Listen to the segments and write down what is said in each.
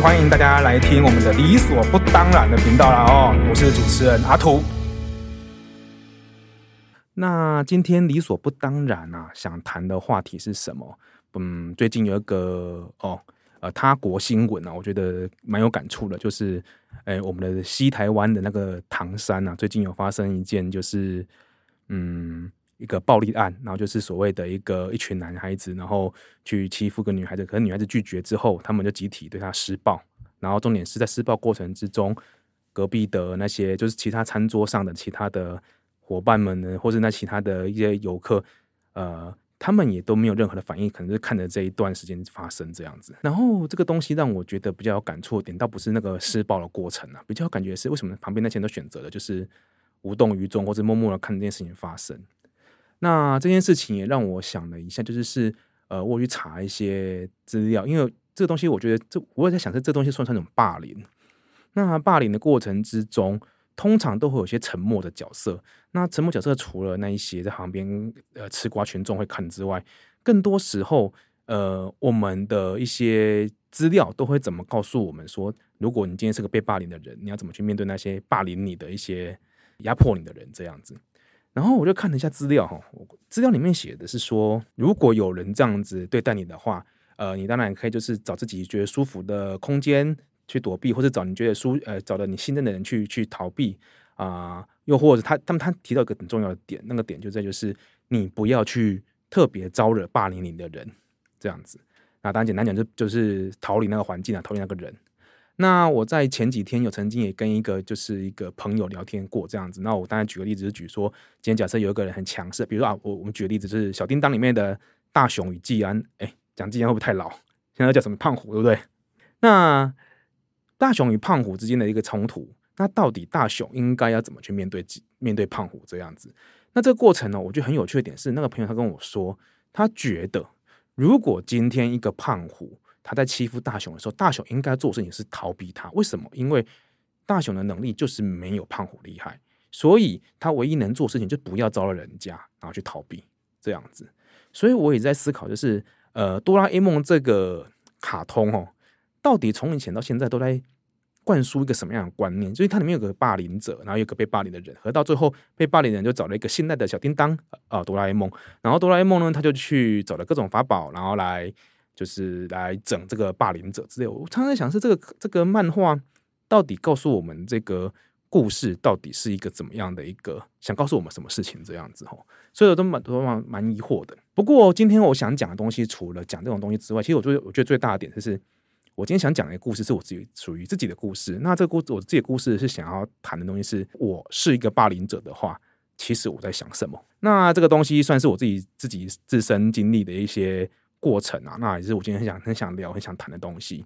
歡迎大家來聽我們的理所不當然的頻道啦！哦，我是主持人阿圖。那今天理所不當然啊，想談的話題是什麼？嗯，最近有一個哦呃，他國新聞啊，我覺得蠻有感觸的，就是哎，我們的西台灣的那個唐山啊，最近有發生一件，就是嗯。一個暴力案，然後就是所謂的一個一群男孩子，然後去欺負個女孩子，可是女孩子拒絕之後，他們就集體對她施暴。然後重點是在施暴過程之中，隔壁的那些就是其他餐桌上的其他的夥伴們呢，或者那其他的一些遊客，呃，他們也都沒有任何的反應，可能是看着這一段時間發生這樣子。然後這個東西讓我覺得比較有感觸一點，倒不是那個施暴的過程啊，比較感覺是為什麼旁邊那些人都選擇了就是無動於衷，或者默默的看這件事情發生。那這件事情也讓我想了一下，就是是呃，我去查一些資料，因為這個東西，我覺得這我也在想，這這東西算不算一種霸凌？那霸凌的過程之中，通常都會有些沉默的角色。那沉默角色除了那一些在旁邊呃吃瓜群眾會看之外，更多時候，呃，我們的一些資料都會怎麼告訴我們說，如果你今天是個被霸凌的人，你要怎麼去面對那些霸凌你的一些壓迫你的人這樣子？然後我就看了一下資料哈，資料裡面寫的是說，如果有人這樣子對待你的話，呃，你當然可以就是找自己覺得舒服的空間去躲避，或者找你覺得舒呃找到你信任的人去去逃避啊、呃，又或者他，他們他，他提到一個很重要的點，那個點就在就是你不要去特別招惹霸凌你的人這樣子。那當然簡單講就就是逃離那個環境啊，逃離那個人。那我在前幾天有曾經也跟一個就是一個朋友聊天過這樣子。那我當然舉個例子，是舉說，今天假設有一個人很強勢，比如說啊，我我們舉個例子就是《小叮噹》裡面的大雄與技安，哎、欸，講技安會不會太老？現在叫什麼胖虎，對不對？那大雄與胖虎之間的一個衝突，那到底大雄應該要怎麼去面對面對胖虎這樣子？那這個過程呢，我覺得很有趣的點是，那個朋友他跟我說，他覺得如果今天一個胖虎。他在欺負大雄的時候，大雄應該做的事情是逃避他。為什麼？因為大雄的能力就是沒有胖虎厲害，所以他唯一能做的事情就不要招惹人家，然後去逃避這樣子。所以我也在思考，就是呃，哆啦 A 夢這個卡通哦，到底從以前到現在都在灌輸一個什麼樣的觀念？就是它裡面有個霸凌者，然後有個被霸凌的人，和到最後被霸凌的人就找了一個信賴的小叮噹啊，呃、哆啦 A 夢。然後哆啦 A 夢呢，他就去找了各種法寶，然後來。就是來整這個霸凌者之類，我常常在想是這個這個漫畫到底告訴我們，這個故事到底是一個怎麼樣的一個，想告訴我們什麼事情這樣子哈，所以我都蠻蠻疑惑的。不過今天我想講的東西，除了講這種東西之外，其實我最我覺得最大的點就是，我今天想講的故事，是我自己屬於自己的故事。那這個故事我自己的故事是想要談的東西，是我是一個霸凌者的話，其實我在想什麼？那這個東西算是我自己自己自身經歷的一些。過程啊，那也是我今天很想、很想聊、很想談的東西。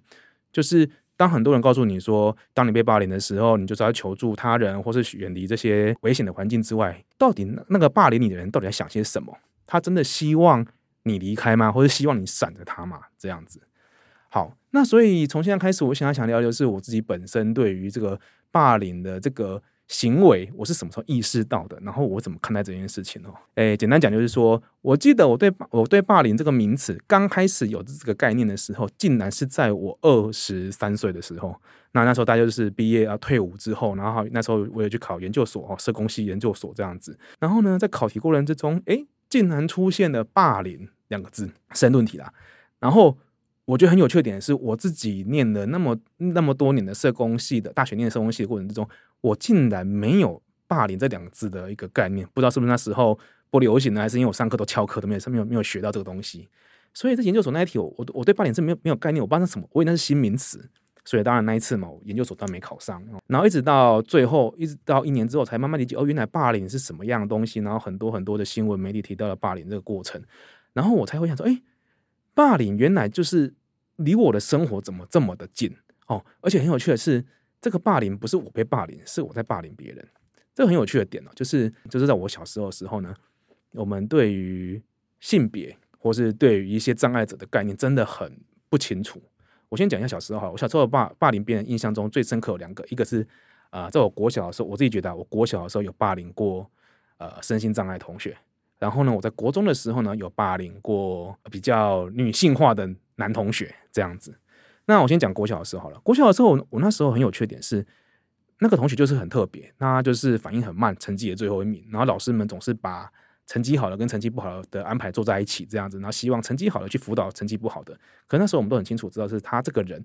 就是當很多人告訴你說，當你被霸凌的時候，你就只要求助他人或是遠離這些危險的環境之外，到底那個霸凌你的人到底在想些什麼？他真的希望你離開嗎？或者希望你閃着他嗎？這樣子。好，那所以從現在開始，我想要想聊就是我自己本身對於這個霸凌的這個。行為我是什麼時候意識到的？然後我怎麼看待這件事情哦？誒、欸，簡單講就是說，我記得我對我對“霸凌”這個名詞剛開始有這個概念的時候，竟然是在我二十三歲的時候。那那時候大家就是畢業啊、退伍之後，然後那時候我也去考研究所哦，社工系研究所這樣子。然後呢，在考題過程之中，誒、欸，竟然出現了“霸凌”兩個字，申論題啦。然後我覺得很有趣的點是，我自己念了那麼那麼多年的社工系的大學，念社工系的過程之中。我竟然沒有“霸凌”這兩個字的一個概念，不知道是不是那時候不流行呢，還是因為我上課都翹課，都沒有上面沒有學到這個東西。所以，在研究所那一題，我我對“霸凌”是沒有沒有概念，我不知道那什麼，我以為那是新名詞。所以，當然那一次嘛，我研究所當然沒考上。然後一直到最後，一直到一年之後，才慢慢理解哦，原來“霸凌”是什麼樣的東西。然後很多很多的新聞媒體提到了“霸凌”這個過程，然後我才會想說，哎，“霸凌”原來就是離我的生活怎麼這麼的近哦！而且很有趣的是。這個霸凌不是我被霸凌，是我在霸凌別人。這個很有趣的點哦，就是就是在我小時候的時候呢，我們對於性別或是對於一些障礙者的概念真的很不清楚。我先講一下小時候哈，我小時候霸霸凌別人的印象中最深刻有兩個，一個是啊，呃，在我國小的時候，我自己覺得啊，我國小的時候有霸凌過呃身心障礙同學。然後呢，我在國中的時候呢，有霸凌過比較女性化的男同學這樣子。那我先講國小的時候好了。國小的時候，我我那時候很有缺點是，那個同學就是很特別，他就是反應很慢，成績也最後一名。然後老師們總是把成績好的跟成績不好,好的,的安排坐在一起，這樣子，然後希望成績好的去輔導成績不好的。可那時候我們都很清楚知道，是他這個人，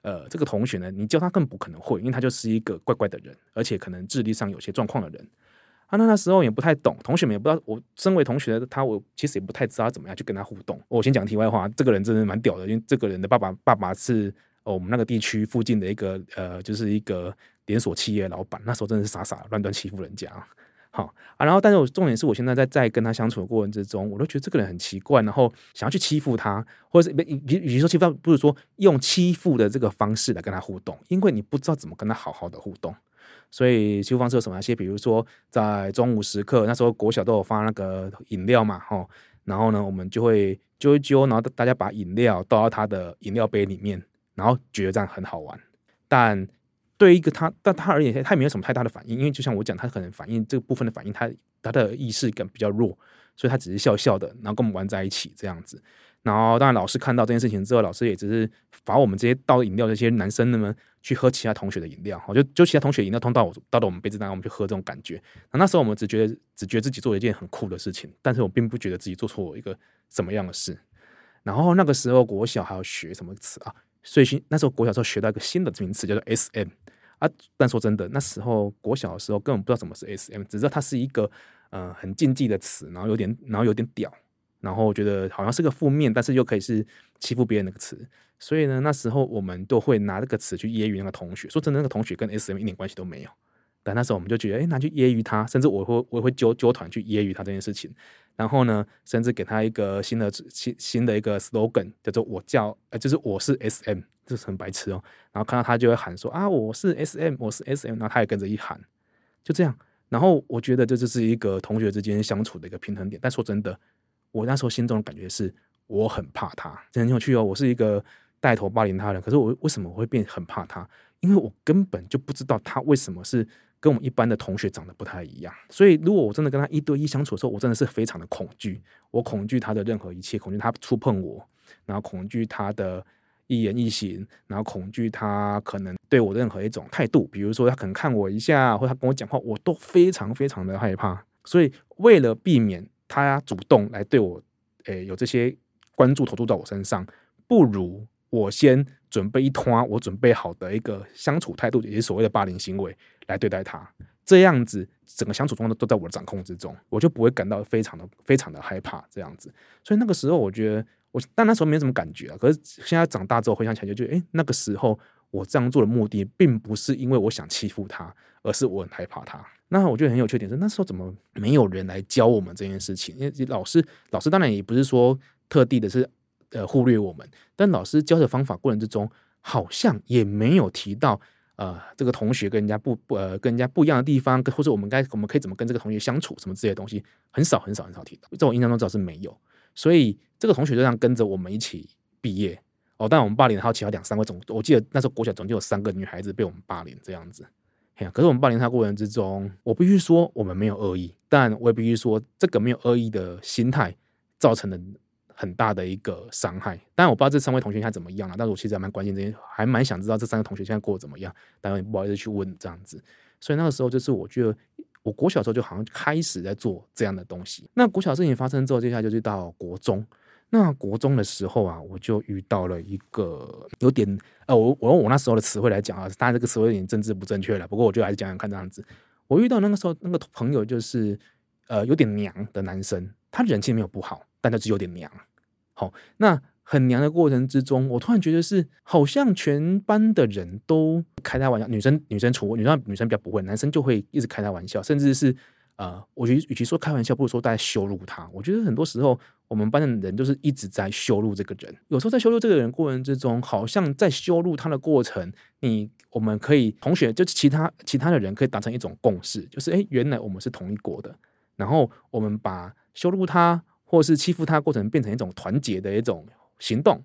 呃，這個同學呢，你叫他更不可能會，因為他就是一個怪怪的人，而且可能智力上有些狀況的人。他、啊、那那時候也不太懂，同學們也不知道。我身為同學的他，我其實也不太知道怎麼樣去跟他互動。我先講題外話，這個人真的蠻屌的，因為這個人的爸爸爸爸是我們那個地區附近的一個呃就是一個連鎖企業老闆。那時候真的是傻傻亂端欺負人家，好啊。然後，但是我重點是我現在在在跟他相處的過程之中，我都覺得這個人很奇怪，然後想要去欺負他，或者是比比如說欺負他，不是說用欺負的這個方式來跟他互動，因為你不知道怎麼跟他好好的互動。所以修方說有什麼一些，比如說在中午時刻，那時候國小都有發那個飲料嘛，吼，然後呢，我們就會揪一揪，然後大家把飲料倒到他的飲料杯裡面，然後覺得這樣很好玩。但對於一個他，但他而言，他也沒有什麼太大的反應，因為就像我講，他可能反應這個部分的反應，他他的意識感比較弱，所以他只是笑笑的，然後跟我們玩在一起這樣子。然後，當然，老師看到這件事情之後，老師也只是罰我們這些倒飲料的這些男生，那麼去喝其他同學的飲料。哈，就就其他同學飲料通到我倒到了我們杯子當中，那我們去喝這種感覺。那時候我們只覺得只覺得自己做了一件很酷的事情，但是我並不覺得自己做錯了一個什麼樣的事。然後那個時候國小還要學什麼詞啊？所以那時候國小時候學到一個新的名詞叫做 “SM”。啊，但說真的，那時候國小的時候根本不知道什麼是 “SM”，只知道它是一個嗯、呃、很禁忌的詞，然後有點然後有點屌。然後我覺得好像是個負面，但是又可以是欺負別人那個詞，所以呢，那時候我們都會拿這個詞去揶揄那個同學。說真的，那個同學跟 SM 一點關係都沒有，但那時候我們就覺得，哎，拿去揶揄他，甚至我會我會揪揪團去揶揄他這件事情。然後呢，甚至給他一個新的新新的一個 slogan，叫做“我叫、呃、就是我是 SM”，就是很白痴哦。然後看到他就會喊說啊，我是 SM，我是 SM，然後他也跟着一喊，就這樣。然後我覺得這就是一個同學之間相處的一個平衡點。但說真的。我那時候心中的感覺是，我很怕他，很有趣哦。我是一個帶頭霸凌他人，可是我為什麼我會變很怕他？因為我根本就不知道他為什麼是跟我們一般的同學長得不太一樣。所以，如果我真的跟他一對一相處的時候，我真的是非常的恐懼。我恐懼他的任何一切，恐懼他觸碰我，然後恐懼他的一言一行，然後恐懼他可能對我任何一種態度。比如說，他可能看我一下，或者他跟我講話，我都非常非常的害怕。所以，為了避免。他主動來對我，誒、欸，有這些關注投注到我身上，不如我先準備一通我準備好的一個相處態度，也是所謂的霸凌行為來對待他。這樣子，整個相處狀態都在我的掌控之中，我就不會感到非常的非常的害怕。這樣子，所以那個時候我覺得，我但那時候沒什麼感覺啊。可是現在長大之後我回想起來，就覺得、欸、那個時候我這樣做的目的，並不是因為我想欺負他。而是我很害怕他。那我覺得很有缺點是那時候怎麼沒有人來教我們這件事情？因為老師，老師當然也不是說特地的是呃忽略我們，但老師教的方法過程之中好像也沒有提到呃這個同學跟人家不呃跟人家不一樣的地方，或者我們該我們可以怎麼跟這個同學相處什麼之類的東西，很少很少很少提到。在我印象中，至少是沒有。所以這個同學就這樣跟着我們一起畢業哦。但我們霸凌還有其他兩三個，總，我記得那時候國小總就有三個女孩子被我們霸凌這樣子。可是我們霸凌他過程，之中，我必須說我們沒有惡意，但我也必須說這個沒有惡意的心態造成了很大的一個傷害。當然我不知道這三位同學現在怎麼樣了，但是我其實還蠻關心這些，還蠻想知道這三個同學現在過得怎麼樣，當然也不好意思去問這樣子。所以那個時候就是我覺得我國小的時候就好像開始在做這樣的東西。那國小事情發生之後，接下來就是到國中。那國中的時候啊，我就遇到了一個有點呃，我我用我那時候的詞彙來講啊，當然這個詞彙有點政治不正確了，不過我就還是講講看這樣子。我遇到那個時候那個朋友就是呃有點娘的男生，他人氣沒有不好，但他是有點娘。好、哦，那很娘的過程之中，我突然覺得是好像全班的人都開他玩笑，女生女生除女生女生比較不會，男生就會一直開他玩笑，甚至是呃，我覺得與其說開玩笑，不如說大家羞辱他。我覺得很多時候。我們班的人就是一直在羞辱這個人。有時候在羞辱這個人過程之中，好像在羞辱他的過程，你我們可以同學就是其他其他的人可以達成一種共識，就是哎、欸，原來我們是同一國的。然後我們把羞辱他或是欺負他過程變成一種團結的一種行動，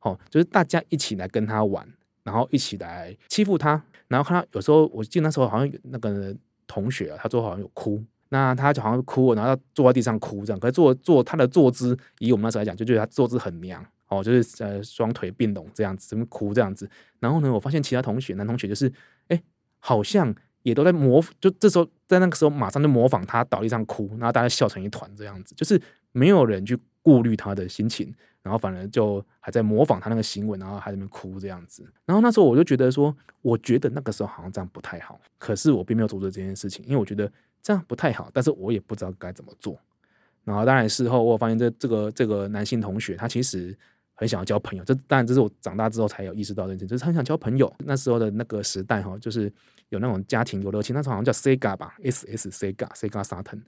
哦，就是大家一起來跟他玩，然後一起來欺負他，然後看到，有時候我記得那時候好像那個同學、啊、他說好像有哭。那他就好像哭，然後他坐在地上哭這樣。可是坐坐他的坐姿，以我們那時候來講，就覺得他坐姿很娘哦，就是呃雙腿併攏這樣子，怎麼哭這樣子。然後呢，我發現其他同學男同學就是，哎，好像也都在模，就這時候在那個時候馬上就模仿他倒地上哭，然後大家笑成一團這樣子。就是沒有人去顧慮他的心情，然後反而就還在模仿他那個行為，然後還在那邊哭這樣子。然後那時候我就覺得說，我覺得那個時候好像這樣不太好，可是我並沒有阻止這件事情，因為我覺得。這樣不太好，但是我也不知道該怎麼做。然後當然事後我發現這，這這個這個男性同學他其實很想要交朋友。這當然這是我長大之後才有意識到的事，就是很想交朋友。那時候的那個時代哈，就是有那種家庭遊樂器，那時候好像叫 Sega 吧，S S Sega Sega Saturn。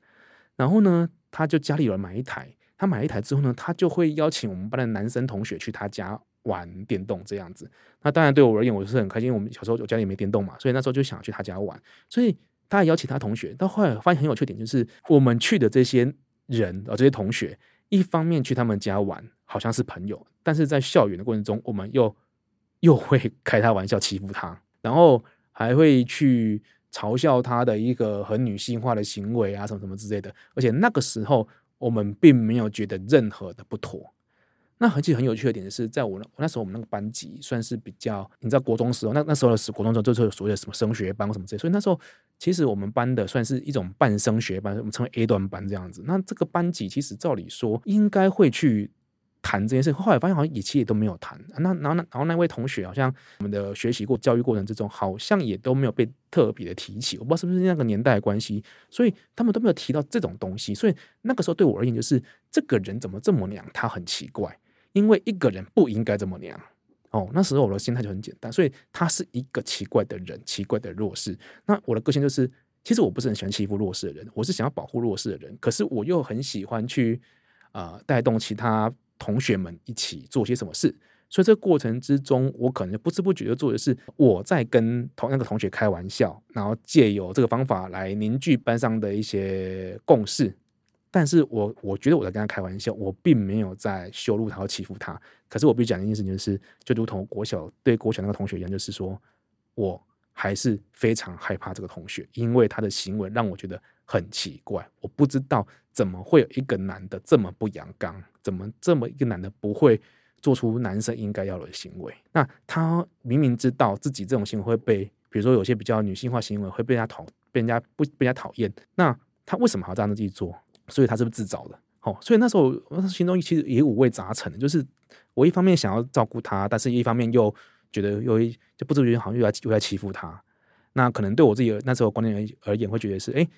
然後呢，他就家裡有人買一台，他買了一台之後呢，他就會邀請我們班的男生同學去他家玩電動這樣子。那當然對我而言，我是很開心。因為我們小時候我家裡沒電動嘛，所以那時候就想去他家玩，所以。他還邀請他同學，但後來發現很有趣的點就是，我們去的這些人啊、哦，這些同學，一方面去他們家玩，好像是朋友，但是在校園的過程中，我們又又會開他玩笑欺負他，然後還會去嘲笑他的一個很女性化的行為啊，什麼什麼之類的。而且那個時候我們並沒有覺得任何的不妥。那很其實很有趣的點是在我那我那時候我們那個班級算是比較，你知道，國中時候那那時候的國中的時候就是所謂的什麼升學班什麼之類的，所以那時候。其實我們班的算是一種半升學班，我們稱為 A 端班這樣子。那這個班級其實照理說應該會去談這件事，後來發現好像也其實也都沒有談。那、啊、然後那然後那位同學好像我們的學習過教育過程之中，好像也都沒有被特別的提起。我不知道是不是那個年代的關係，所以他們都沒有提到這種東西。所以那個時候對我而言，就是這個人怎麼這麼娘，他很奇怪，因為一個人不應該這麼娘。哦，那時候我的心態就很簡單，所以他是一個奇怪的人，奇怪的弱勢。那我的個性就是，其實我不是很喜歡欺負弱勢的人，我是想要保護弱勢的人，可是我又很喜歡去啊呃，帶動其他同學們一起做些什麼事。所以這個過程之中，我可能不知不覺就做的是我在跟同樣的同學開玩笑，然後借由這個方法來凝聚班上的一些共識。但是我我覺得我在跟他開玩笑，我並沒有在羞辱他或欺負他。可是我必須講一件事情，就是就如同國小對國小那個同學一樣，就是說，我還是非常害怕這個同學，因為他的行為讓我覺得很奇怪。我不知道怎麼會有一個男的這麼不陽剛，怎麼這麼一個男的不會做出男生應該要的行為？那他明明知道自己這種行為會被，比如說有些比較女性化行為會被人家討，被人家不被人家討厭，那他為什麼還要這樣子自己做？所以他是不是自找的？哦，所以那時候我心中其實也五味雜陳，就是我一方面想要照顧他，但是一方面又覺得又就不自覺好像又在又在欺負他。那可能對我自己那時候觀念而言，會覺得是：哎、欸，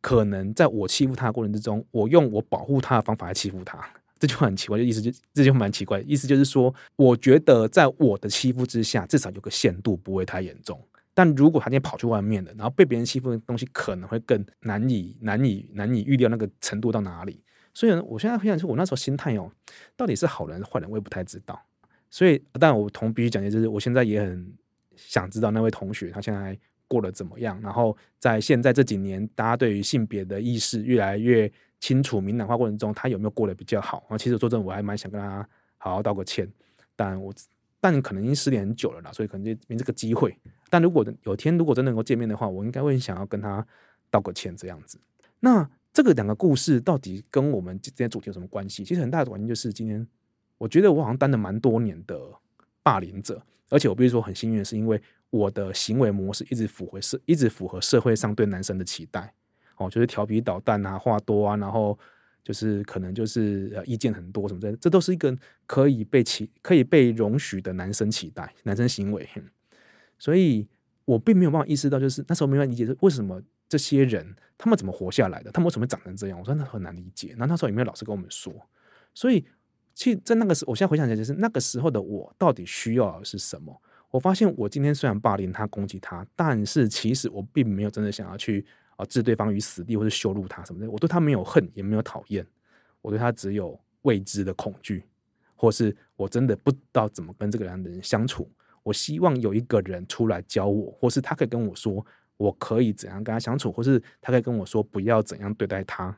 可能在我欺負他的過程之中，我用我保護他的方法來欺負他，這就很奇怪。就意思就這就蠻奇怪，意思就是說，我覺得在我的欺負之下，至少有個限度不會太嚴重。但如果他今天跑去外面了，然後被別人欺負的東西，可能會更難以、難以、難以預料那個程度到哪裡。所以，我現在很想說，我那時候心態哦，到底是好人是壞人，我也不太知道。所以，但我同必須講的，就是我現在也很想知道那位同學他現在過得怎麼樣。然後，在現在這幾年，大家對於性別的意識越來越清楚、明朗化過程中，他有沒有過得比較好？然後，其實我說真的我還蠻想跟他好好道個歉。但我但可能已經失聯很久了啦，所以可能就沒這個機會。但如果有天如果真的能夠見面的話，我應該會想要跟他道個歉這樣子。那這個兩個故事到底跟我們今天主題有什麼關係？其實很大的原因就是今天，我覺得我好像當了蠻多年的霸凌者，而且我必須說很幸運，是因為我的行為模式一直符合社，一直符合社會上對男生的期待哦，就是調皮搗蛋啊，話多啊，然後就是可能就是呃意見很多什麼，這這都是一個可以被期可以被容許的男生期待，男生行為。所以我並沒有辦法意識到，就是那時候沒有辦法理解是為什麼這些人他們怎麼活下來的，他們為什麼長成這樣？我真的很難理解。然後那時候也沒有老師跟我們說，所以其實在那個時候，我現在回想起來，就是那個時候的我到底需要的是什麼？我發現我今天雖然霸凌他、攻擊他，但是其實我並沒有真的想要去啊置對方於死地或者羞辱他什麼的。我對他沒有恨，也沒有討厭，我對他只有未知的恐懼，或是我真的不知道怎麼跟這個男人相處。我希望有一個人出來教我，或是他可以跟我說，我可以怎樣跟他相處，或是他可以跟我說不要怎樣對待他，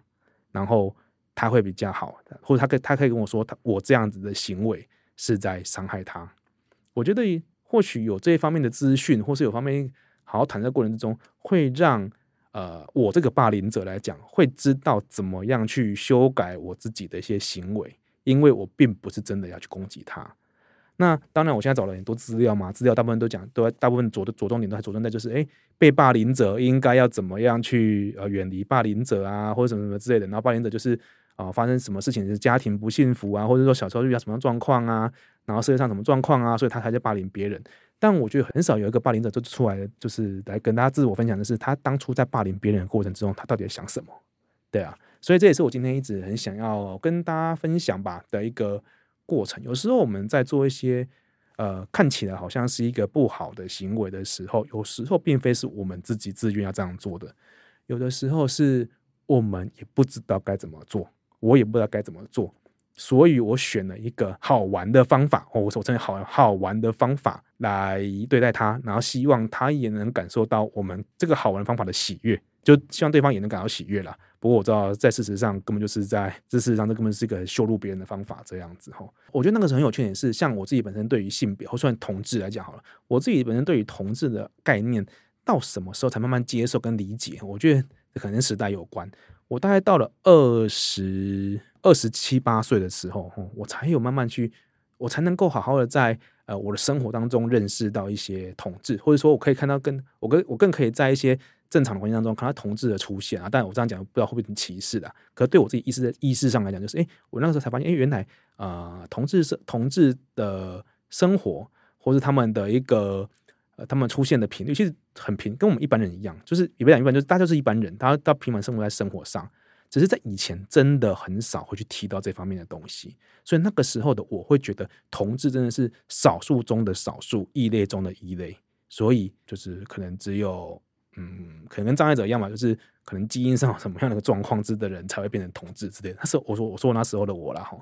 然後他會比較好，或者他可以他可以跟我說，我這樣子的行為是在傷害他。我覺得或許有這一方面的資訊，或是有方面好好談的過程之中，會讓呃我這個霸凌者來講，會知道怎麼樣去修改我自己的一些行為，因為我並不是真的要去攻擊他。那當然，我現在找了很多資料嘛，資料大部分都講，都大部分着着重點都還着重在就是，誒、欸，被霸凌者應該要怎麼樣去呃遠離霸凌者啊，或者什麼什麼之類的。然後霸凌者就是啊、呃，發生什麼事情、就是家庭不幸福啊，或者說小時候遇到什麼狀況啊，然後社會上什麼狀況啊，所以他才在霸凌別人。但我覺得很少有一個霸凌者就出來，就是來跟大家自我分享的是他當初在霸凌別人的過程之中，他到底在想什麼？對啊，所以這也是我今天一直很想要跟大家分享吧的一個。過程，有時候我們在做一些呃看起來好像是一個不好的行為的時候，有時候並非是我們自己自願要這樣做的，有的時候是我們也不知道該怎麼做，我也不知道該怎麼做，所以我選了一個好玩的方法，哦、我我稱好，好好玩的方法來對待他，然後希望他也能感受到我們這個好玩的方法的喜悅。就希望對方也能感到喜悅啦。不過我知道，在事實上根本就是在這事實上，這根本是一個羞辱別人的方法。這樣子齁，我覺得那個時候很有趣的是，像我自己本身對於性別，或算同志來講好了，我自己本身對於同志的概念，到什麼時候才慢慢接受跟理解？我覺得可能跟時代有關。我大概到了二十二十七八歲的時候，我才有慢慢去，我才能夠好好的在呃我的生活當中認識到一些同志，或者說我可以看到跟我跟我更可以在一些。正常的環境當中看到同志的出現啊，但我這樣講不知道會不會很歧視的啊。可是對我自己意識的意識上來講，就是哎、欸，我那個時候才發現，哎、欸，原來啊、呃，同志是同志的生活，或者他們的一個、呃、他們出現的頻率其實很平，跟我們一般人一樣，就是也不講一般，就是大家就是一般人，他他平凡生活在生活上，只是在以前真的很少會去提到這方面的東西。所以那個時候的我會覺得，同志真的是少數中的少數，異類中的異類，所以就是可能只有。嗯，可能跟障礙者一樣嘛，就是可能基因上有什麼樣的一個狀況之的人才會變成同志之類的。但是我說，我說我那時候的我啦，哈，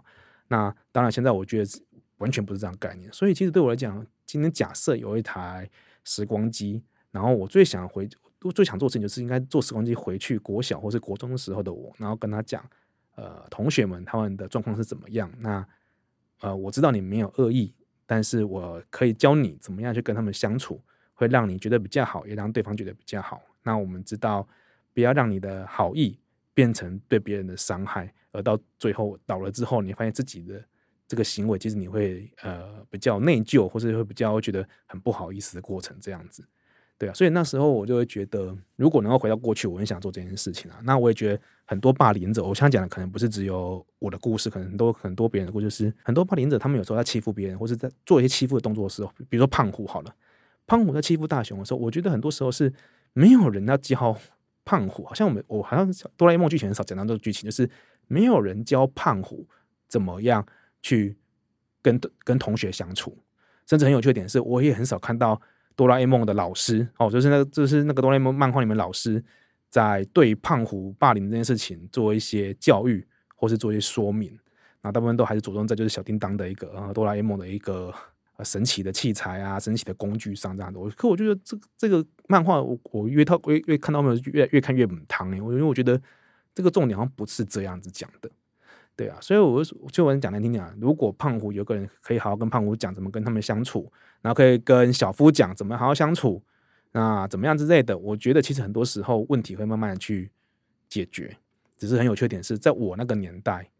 那當然現在我覺得完全不是這樣的概念。所以其實對我來講，今天假設有一台時光機，然後我最想回，我最想做的事情就是應該坐時光機回去國小或是國中的時候的我，然後跟他講，呃，同學們他們的狀況是怎麼樣？那呃，我知道你沒有惡意，但是我可以教你怎麼樣去跟他們相處。會讓你覺得比較好，也讓對方覺得比較好。那我們知道，不要讓你的好意變成對別人的傷害，而到最後倒了之後，你發現自己的這個行為，其實你會呃比較內疚，或是會比較覺得很不好意思的過程這樣子。對啊，所以那時候我就會覺得，如果能夠回到過去，我很想做這件事情啊。那我也覺得很多霸凌者，我想講的可能不是只有我的故事，可能很多很多別人的故事。就是、很多霸凌者他們有時候在欺負別人，或是在做一些欺負的動作的時候，比如說胖虎，好了。胖虎在欺負大雄的時候，我覺得很多時候是沒有人要教胖虎。好像我們，我好像哆啦 A 夢劇情很少講到這個劇情，就是沒有人教胖虎怎麼樣去跟跟同學相處。甚至很有趣的點是，我也很少看到哆啦 A 夢的老師哦，就是那個就是那個哆啦 A 夢漫畫裡面的老師在對胖虎霸凌這件事情做一些教育，或是做一些說明。那大部分都還是著重在就是小叮當的一個哆啦 A 夢的一個。啊神奇的器材啊，神奇的工具上這樣子。我可我覺得這這個漫畫我越，我我越看越看到後面越越，越看越母湯，因為我覺得這個重點好像不是這樣子講的，對啊。所以我就，就我就講難聽點啊。如果胖虎有個人可以好好跟胖虎講怎麼跟他們相處，然後可以跟小夫講怎麼好好相處，那怎麼樣之類的，我覺得其實很多時候問題會慢慢的去解決。只是很有趣的點是在我那個年代。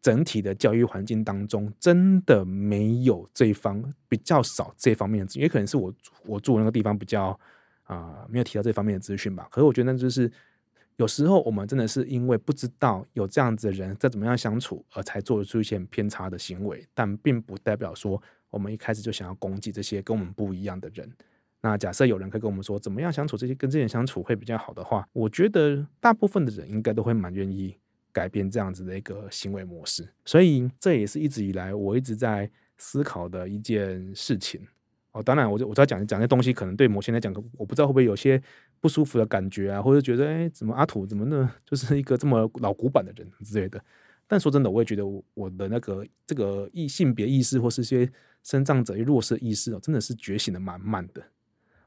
整體的教育環境當中，真的沒有這一方比較少這方面，的資訊，也可能是我我住的那個地方比較啊、呃，沒有提到這方面的資訊吧。可是我覺得，那就是有時候我們真的是因為不知道有這樣子的人在怎麼樣相處，而才做出一些偏差的行為。但並不代表說我們一開始就想要攻擊這些跟我們不一樣的人。那假設有人可以跟我們說怎麼樣相處，這些跟這些相處會比較好的話，我覺得大部分的人應該都會蠻願意改變這樣子的一個行為模式，所以這也是一直以來我一直在思考的一件事情哦。當然，我就我在講講這些東西，可能對某些人來講，我不知道會不會有些不舒服的感覺啊，或者覺得哎，怎麼阿土怎麼那就是一個這麼老古板的人之類的。但說真的，我也覺得我我的那個這個意性別意識，或是一些生長者弱勢意識哦，真的是覺醒的滿滿的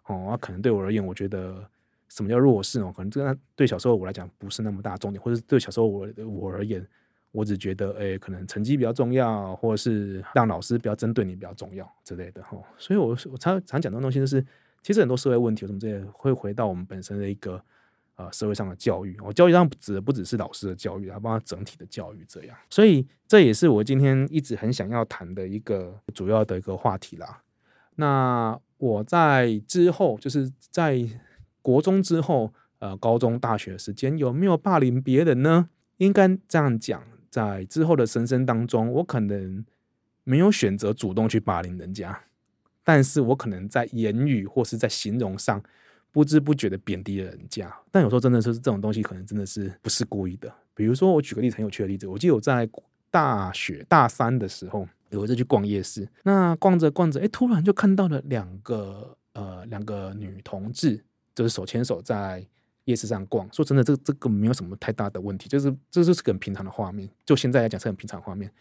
哦，啊。那可能對我而言，我覺得。什麼叫弱勢呢？可能這個對小時候我來講不是那麼大重點，或者對小時候我我而言，我只覺得誒、欸，可能成績比較重要，或者是讓老師比較針對你比較重要之類的哈。所以我，我我常常講的東西就是，其實很多社會問題，我怎麼這些會回到我們本身的一個呃社會上的教育。我教育上指的不只是老師的教育，還包括整體的教育這樣。所以，這也是我今天一直很想要談的一個主要的一個話題啦。那我在之後就是在。國中之後，呃，高中、大學的時間有沒有霸凌別人呢？應該這樣講，在之後的人生當中，我可能沒有選擇主動去霸凌人家，但是我可能在言語或是在形容上，不知不覺的貶低了人家。但有時候真的是這種東西，可能真的是不是故意的。比如說，我舉個例子，很有趣的例子，我記得我在大學大三的時候，有一次去逛夜市，那逛着逛着，欸，突然就看到了兩個呃，兩個女同志。就是手牽手在夜市上逛，說真的這，這這個沒有什麼太大的問題，就是這就是個很平常的畫面，就現在來講是很平常的畫面。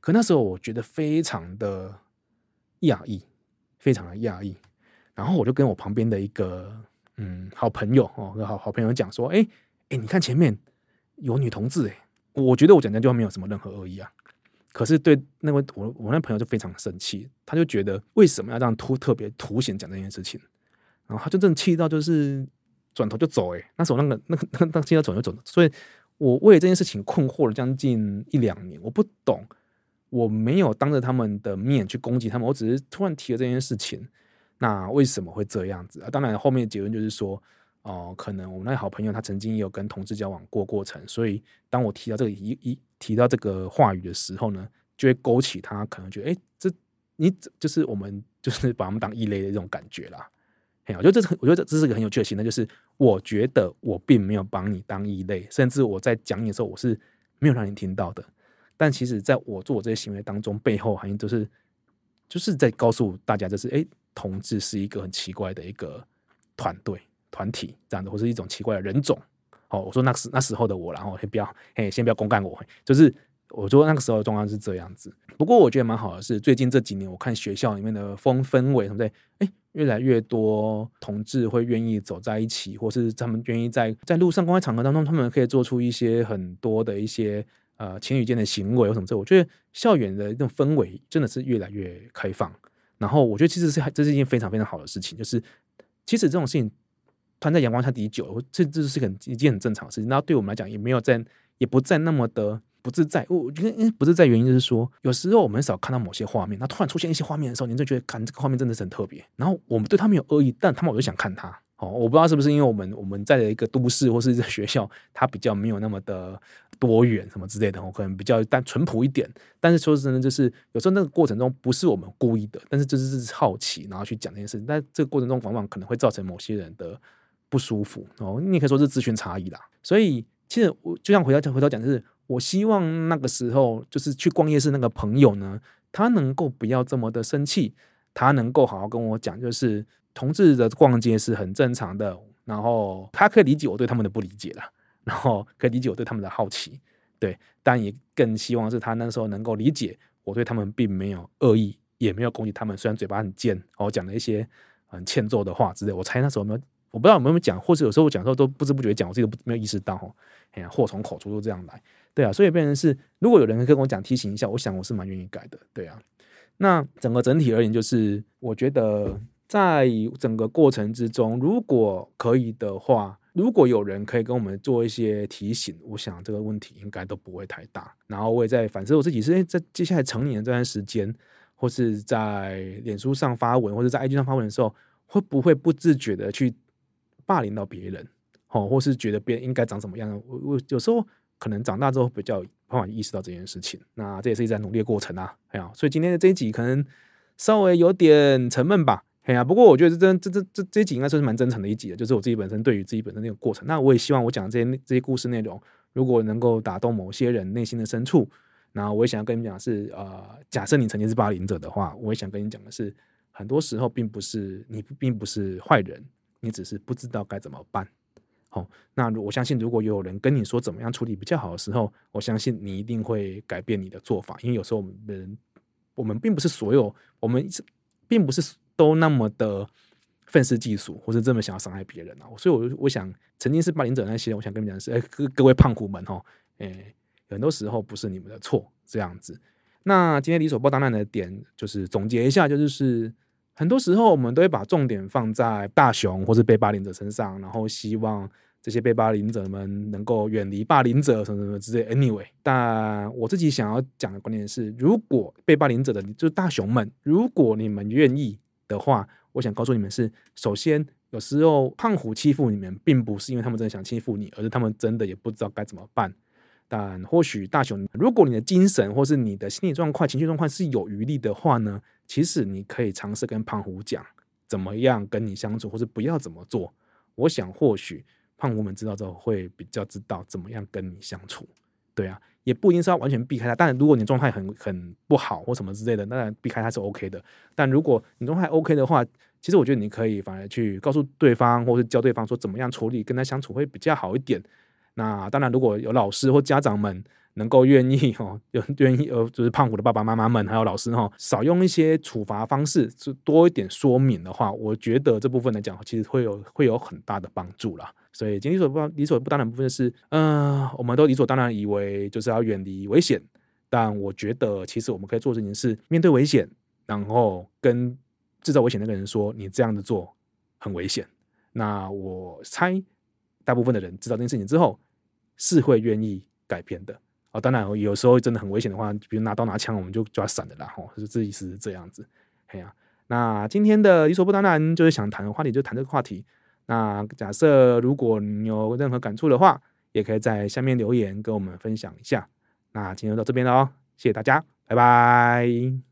可那時候我覺得非常的訝異，非常的訝異。然後我就跟我旁邊的一個嗯好朋友哦，好好朋友講說，哎哎，你看前面有女同志，我覺得我講這句話沒有什麼任何惡意啊。可是對那位我我那朋友就非常生氣，他就覺得為什麼要這樣突特別凸顯講這件事情？然後他就真的氣到，就是轉頭就走誒、欸。那時候那個那個那個氣到走就走，所以我為這件事情困惑了將近一兩年。我不懂，我沒有當着他們的面去攻擊他們，我只是突然提了這件事情。那為什麼會這樣子？啊。當然，後面的結論就是說，哦、呃，可能我那個好朋友他曾經也有跟同事交往過過程，所以當我提到這個一一提到這個話語的時候呢，就會勾起他可能覺得，哎、欸，這你就是我們就是把我們當異類的這種感覺啦。我覺得這是，我覺得這這是個很有趣的行為，就是我覺得我並沒有把你當異類，甚至我在講你的時候，我是沒有讓你聽到的。但其實，在我做這些行為當中，背後好像就是就是在告訴大家，就是哎、欸，同志是一個很奇怪的一個團隊、團體這樣的，或是一種奇怪的人種。好、喔，我說那時那時候的我，然後先不要，哎，先不要公幹我，就是。我說那個時候的狀況是這樣子，不過我覺得蠻好的是，最近這幾年我看學校裡面的風氛圍什麼的，哎、欸，越來越多同志會願意走在一起，或是他們願意在在路上公開場合當中，他們可以做出一些很多的一些呃情侶間的行為或什麼。這我覺得校園的那種氛圍真的是越來越開放，然後我覺得其實是這是一件非常非常好的事情，就是其實這種事情攤在陽光下底久，這這是很一件很正常的事情，那對我們來講也沒有在也不再那麼的，不自在，我覺得因為不自在原因就是說，有時候我們很少看到某些畫面，那突然出現一些畫面的時候，你就覺得看這個畫面真的是很特別。然後我們對他沒有惡意，但他們我就想看他哦。我不知道是不是因為我們我們在一個都市或是一個學校，他比較沒有那麼的多元什麼之類的，我可能比較單純樸一點。但是說真的，就是有時候那個過程中不是我們故意的，但是就是好奇，然後去講這件事。但這個過程中往往可能會造成某些人的不舒服哦。你也可以說是資訊差異啦。所以其實我就像回到回到講就是。我希望那個時候就是去逛夜市那個朋友呢，他能夠不要這麼的生氣，他能夠好好跟我講，就是同志的逛街是很正常的，然後他可以理解我對他們的不理解了，然後可以理解我對他們的好奇，對，但也更希望是他那時候能夠理解我對他們並沒有惡意，也沒有攻擊他們，雖然嘴巴很賤，後、哦、講了一些很欠揍的話之類，我猜那時候沒有我不知道有沒有講，或是有時候我講的時候都不知不覺講，我自己都沒有意識到哦，哎呀、啊，禍從口出，都這樣來，對啊，所以變成是，如果有人可以跟我講提醒一下，我想我是蠻願意改的，對啊。那整個整體而言，就是我覺得在整個過程之中，如果可以的話，如果有人可以跟我們做一些提醒，我想這個問題應該都不會太大。然後我也在反思我自己是，是、欸、在接下來成年這段時間，或是在臉書上發文，或者在 IG 上發文的時候，會不會不自覺的去。霸凌到別人，哦，或是覺得別人應該長怎麼樣？我我有時候可能長大之後比較不好意識到這件事情，那這也是一段努力的過程啊，哎呀、啊，所以今天的這一集可能稍微有點沉悶吧，哎呀、啊，不過我覺得這這這這這一集應該算是蠻真誠的一集的，就是我自己本身對於自己本身那個過程。那我也希望我講這些這些故事內容，如果能夠打動某些人內心的深處，那我也想要跟你講的是呃，假設你曾經是霸凌者的話，我也想跟你講的是，很多時候並不是你並不是壞人。你只是不知道該怎麼辦，好。那我相信，如果有人跟你說怎麼樣處理比較好的時候，我相信你一定會改變你的做法，因為有時候我們人，我們並不是所有，我們並不是都那麼的憤世嫉俗，或是這麼想要傷害別人啊。所以我我想，曾經是霸凌者那些，我想跟你講的是、欸，各位胖虎們哦，哎、欸，很多時候不是你們的錯這樣子。那今天理所不當然的點就是總結一下，就是。很多時候，我們都會把重點放在大雄或是被霸凌者身上，然後希望這些被霸凌者們能夠遠離霸凌者什麼什麼之類。Anyway，但我自己想要講的觀點是，如果被霸凌者的就是大雄們，如果你們願意的話，我想告訴你們是：首先，有時候胖虎欺負你們，並不是因為他們真的想欺負你，而是他們真的也不知道該怎麼辦。但或許大雄，如果你的精神或是你的心理狀況、情緒狀況是有餘力的話呢？其實你可以嘗試跟胖虎講怎麼樣跟你相處，或是不要怎麼做。我想或許胖虎們知道之後會比較知道怎麼樣跟你相處。對啊，也不一定是要完全避開他。當然，如果你狀態很很不好或什麼之類的，那避開他是 OK 的。但如果你狀態 OK 的話，其實我覺得你可以反而去告訴對方，或是教對方說怎麼樣處理跟他相處會比較好一點。那當然，如果有老師或家長們。能夠願意哈、哦，有願意呃，就是胖虎的爸爸媽媽們還有老師哈、哦，少用一些處罰方式，是多一點說明的話，我覺得這部分來講，其實會有會有很大的幫助啦。所以，濟所不理所不當然的部分是，嗯、呃，我們都理所當然以為就是要遠離危險，但我覺得其實我們可以做這件事，面對危險，然後跟製造危險那個人說，你這樣子做很危險。那我猜，大部分的人知道這件事情之後，是會願意改變的。哦，當然有，有時候真的很危險的話，比如拿刀拿槍，我們就要閃的啦。吼，就自己是這樣子。哎呀、啊，那今天的理所不當然就是想談的話題，就談這個話題。那假設如果你有任何感觸的話，也可以在下面留言跟我們分享一下。那今天就到這邊了哦，謝謝大家，拜拜。